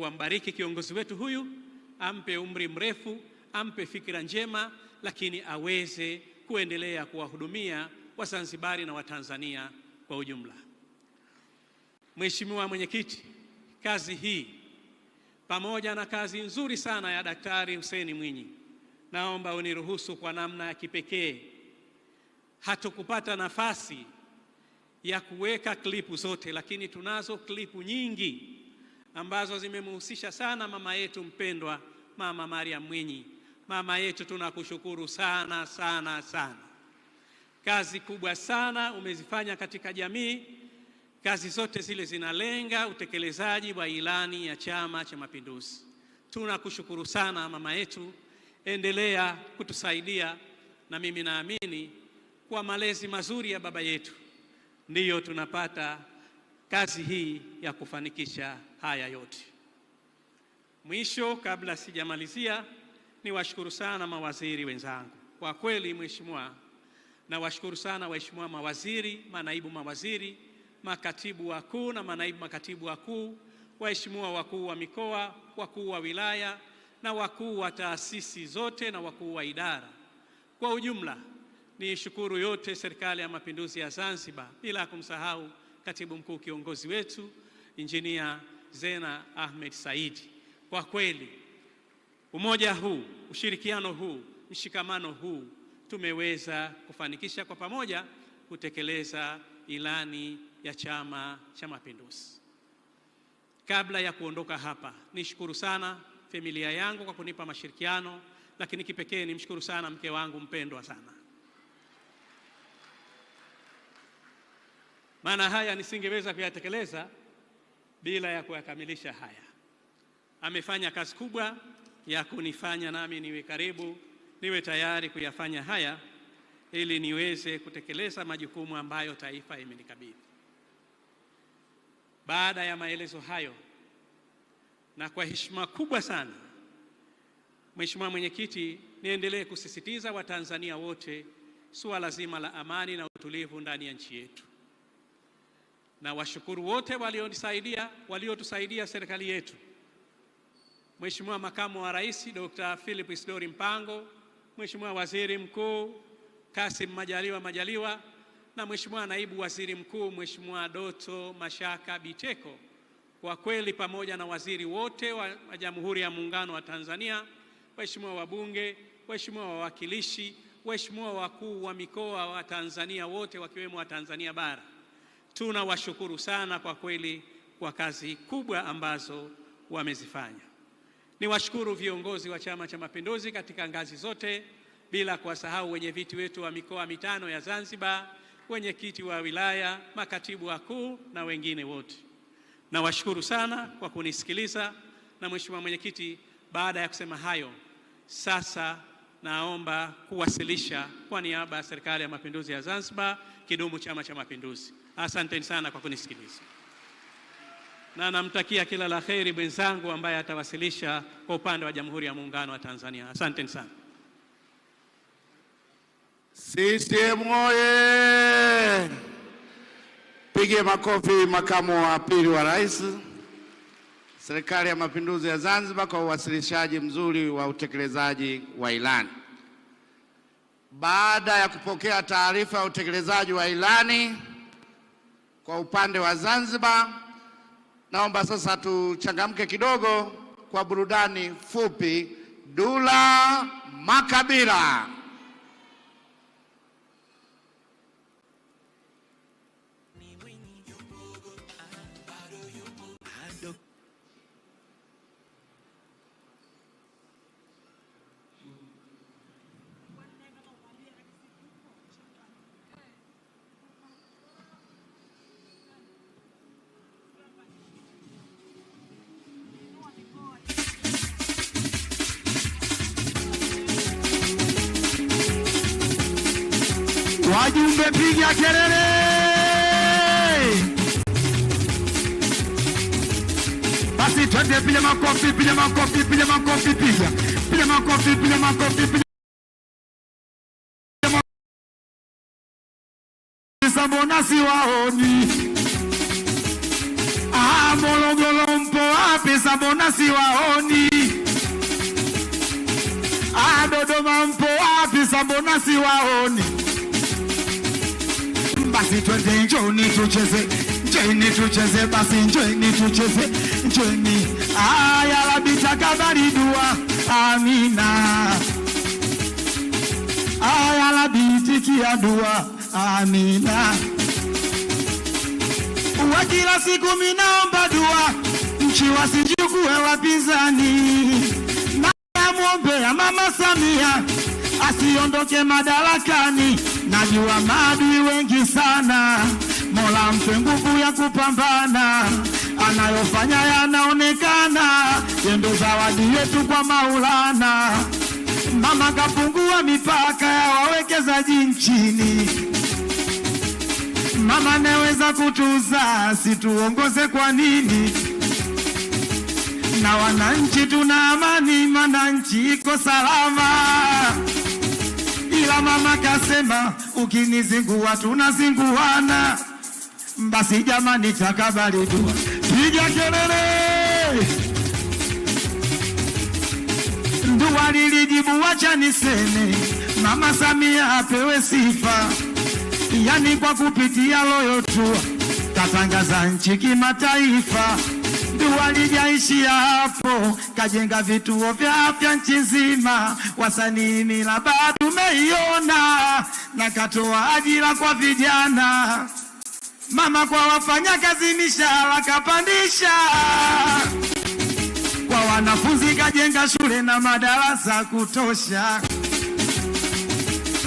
Mungu ambariki kiongozi wetu huyu, ampe umri mrefu, ampe fikira njema, lakini aweze kuendelea kuwahudumia Wazanzibari na Watanzania kwa ujumla. Mheshimiwa Mwenyekiti, kazi hii pamoja na kazi nzuri sana ya Daktari Hussein Mwinyi, naomba uniruhusu kwa namna ya kipekee, hatukupata nafasi ya kuweka klipu zote, lakini tunazo klipu nyingi ambazo zimemhusisha sana mama yetu mpendwa, Mama Maria Mwinyi. Mama yetu, tunakushukuru sana sana sana. Kazi kubwa sana umezifanya katika jamii. Kazi zote zile zinalenga utekelezaji wa ilani ya Chama cha Mapinduzi. Tunakushukuru sana mama yetu, endelea kutusaidia, na mimi naamini kwa malezi mazuri ya baba yetu ndiyo tunapata kazi hii ya kufanikisha haya yote. Mwisho, kabla sijamalizia, niwashukuru sana mawaziri wenzangu kwa kweli, mheshimiwa, nawashukuru sana waheshimiwa mawaziri, manaibu mawaziri, makatibu wakuu na manaibu makatibu wakuu, waheshimiwa wakuu wa mikoa, wakuu wa wilaya na wakuu wa taasisi zote na wakuu wa idara kwa ujumla. Ni shukuru yote Serikali ya Mapinduzi ya Zanzibar, bila kumsahau katibu mkuu kiongozi wetu Injinia Zena Ahmed Said. Kwa kweli umoja huu, ushirikiano huu, mshikamano huu tumeweza kufanikisha kwa pamoja kutekeleza ilani ya Chama cha Mapinduzi. Kabla ya kuondoka hapa, nishukuru sana familia yangu kwa kunipa mashirikiano, lakini kipekee nimshukuru sana mke wangu mpendwa sana, maana haya nisingeweza kuyatekeleza bila ya kuyakamilisha haya. Amefanya kazi kubwa ya kunifanya nami niwe karibu, niwe tayari kuyafanya haya ili niweze kutekeleza majukumu ambayo taifa imenikabidhi. Baada ya maelezo hayo, na kwa heshima kubwa sana, Mheshimiwa Mwenyekiti, niendelee kusisitiza Watanzania wote suala zima la amani na utulivu ndani ya nchi yetu na washukuru wote walionisaidia, waliotusaidia serikali yetu, Mheshimiwa Makamu wa Rais Dr. Philip Isidori Mpango, Mheshimiwa Waziri Mkuu Kasim Majaliwa Majaliwa na Mheshimiwa Naibu Waziri Mkuu Mheshimiwa Doto Mashaka Biteko, kwa kweli pamoja na waziri wote wa Jamhuri ya Muungano wa Tanzania, waheshimiwa wabunge, waheshimiwa wawakilishi, waheshimiwa wakuu wa mikoa wa Tanzania wote wakiwemo wa Tanzania bara tunawashukuru sana kwa kweli kwa kazi kubwa ambazo wamezifanya. Niwashukuru viongozi wa Chama cha Mapinduzi katika ngazi zote, bila kuwasahau wenye viti wetu wa mikoa mitano ya Zanzibar, wenyekiti wa wilaya, makatibu wakuu na wengine wote. Nawashukuru sana kwa kunisikiliza. Na Mheshimiwa Mwenyekiti, baada ya kusema hayo, sasa naomba kuwasilisha kwa niaba ya Serikali ya Mapinduzi ya Zanzibar, kidumu Chama cha Mapinduzi. Asanteni sana kwa kunisikiliza, na namtakia kila la heri mwenzangu ambaye atawasilisha kwa upande wa Jamhuri ya Muungano wa Tanzania. Asanteni sana. CCM oye! Pige makofi makamu wa pili wa rais, Serikali ya Mapinduzi ya Zanzibar, kwa uwasilishaji mzuri wa utekelezaji wa ilani. Baada ya kupokea taarifa ya utekelezaji wa ilani kwa upande wa Zanzibar, naomba sasa tuchangamke kidogo kwa burudani fupi. Dula Makabila. Wajumbe piga kelele! Basi twende, piga makofi, piga makofi, piga makofi, piga piga makofi, piga makofi. Mbona siwaoni? Ah, Morogoro mpo wapi? Mbona siwaoni? Ah, Dodoma mpo wapi? Mbona siwaoni? basi twende, njoni tucheze, njoni tucheze, basi njoni tucheze, njoni. Aya Rabbi takabali dua, amina. Aya Rabbi tikia dua, amina. Wa kila siku minaomba dua, nchi wasichukue wapinzani, namwombea Mama Samia asiondoke madarakani najua maadui wengi sana. Mola mpe nguvu ya kupambana, anayofanya yanaonekana, yendo zawadi yetu kwa Maulana. Mama kapungua mipaka ya wawekezaji nchini, mama naweza kutuza, situongoze kwa nini? Na wananchi tuna amani, mana iko salama. Ila mama kasema ukinizingua tunazinguana, basi jamani, takabali dua, piga kelele. Dua lilijibu wacha niseme, Mama Samia apewe sifa, yani kwa kupitia loyo tu tatangaza nchi kimataifa. Walijaishia hapo, kajenga vituo vya afya nchi nzima, wasanii miraba tumeiona, na katoa ajira kwa vijana, mama kwa wafanya kazi mishahara kapandisha, kwa wanafunzi kajenga shule na madarasa kutosha.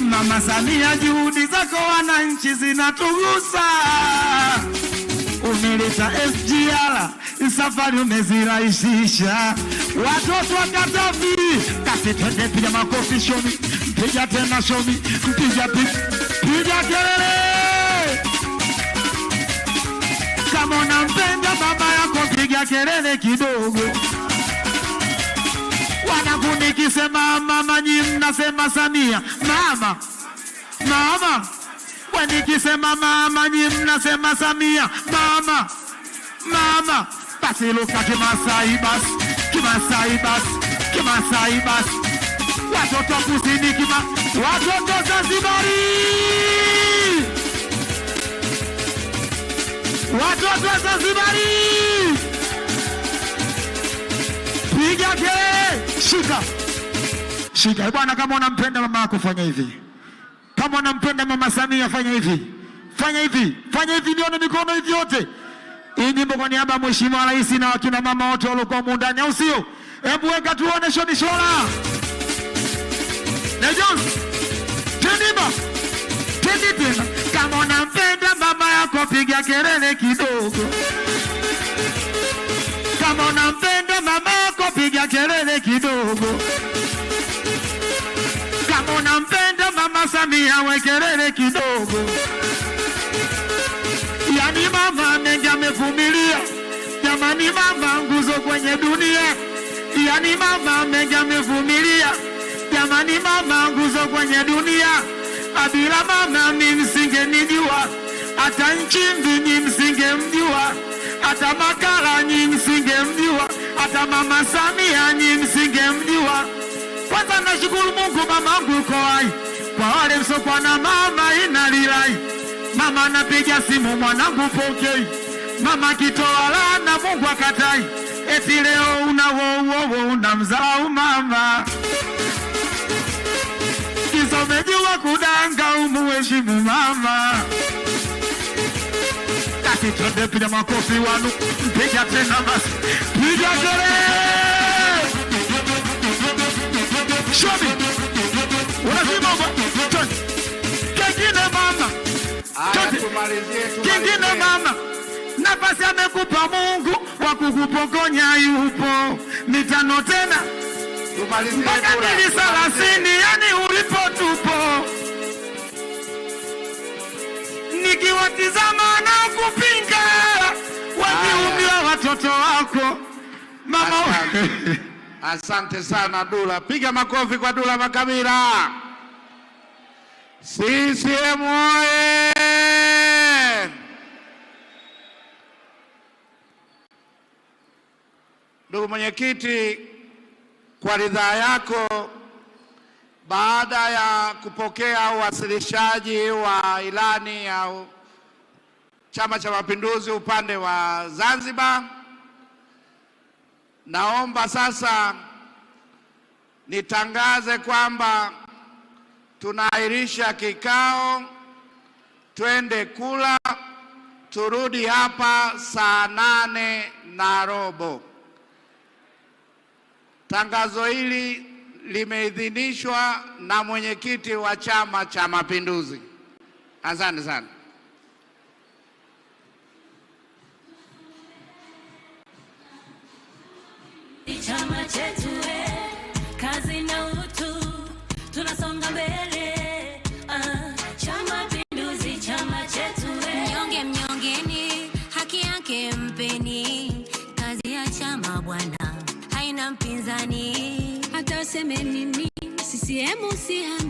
Mama Samia, juhudi zako wananchi zinatugusa umeleta SGR, safari umezirahisisha. Watoto wa Katavi, kasi twende, piga makofi shomi, piga tena shomi, piga piga kelele kama unampenda baba yako, piga kelele kidogo. Wanakundi kisema mama, nyi mnasema Samia mama, mama nikisema mama nyi mnasema Samia mama mama, basi luka Kimasai basi Kimasai basi Kimasai basi, watoto kusini kima watoto Zanzibari watoto Zanzibari, piga kelele, shika shika bwana, kama unampenda mama yako fanya hivi. Kama unampenda mama Samia, fanya hivi, fanya hivi, fanya hivi, nione mikono hivi yote. Hii nyimbo kwa niaba ya mheshimiwa rais na wakina mama wote waliokuwa ndani, au sio? Hebu weka tuone, shoni shora na Jones teniba teni tena. Kama unampenda mama yako, piga kelele kidogo. Kama unampenda mama yako, piga kelele kidogo. Mama Samia wekelele kidogo, yani mama mengi amevumilia. Jamani mama nguzo kwenye dunia, yani mama mengi amevumilia. Jamani mama nguzo kwenye dunia, abila mama mi msingenijua, hata Nchimbi ni msingemjua, hata Makala nyi msingemjua, hata Mama Samia nyi msingemjua. Kwanza nashukuru Mungu mamangu yuko hai. Jamani, msopana mama inalilai, mama napiga simu, mwanangu pokei, mama kitoa lana, Mungu akatai, eti leo unawouowo unamzau mama kisomejua kudanga, umuheshimu mama basi twende, makofi wanu, piga tena basi, piga kelele, show me Jehova chote, kingine mama nafasi amekupa Mungu kwa kukupokonya, yupo mitano tena mpaka mbili thelathini, yani ulipo tupo nikiwatizama na kupinga wakiumbiwa watoto wako mama. Asante, asante sana Dula, piga makofi kwa Dula Makabila. CCM oye! Ndugu mwenyekiti, kwa ridhaa yako, baada ya kupokea uwasilishaji wa ilani ya Chama cha Mapinduzi upande wa Zanzibar, naomba sasa nitangaze kwamba tunaahirisha kikao, twende kula, turudi hapa saa nane na robo. Tangazo hili limeidhinishwa na mwenyekiti wa Chama cha Mapinduzi. Asante sana. Chama chetu useme nini? CCM si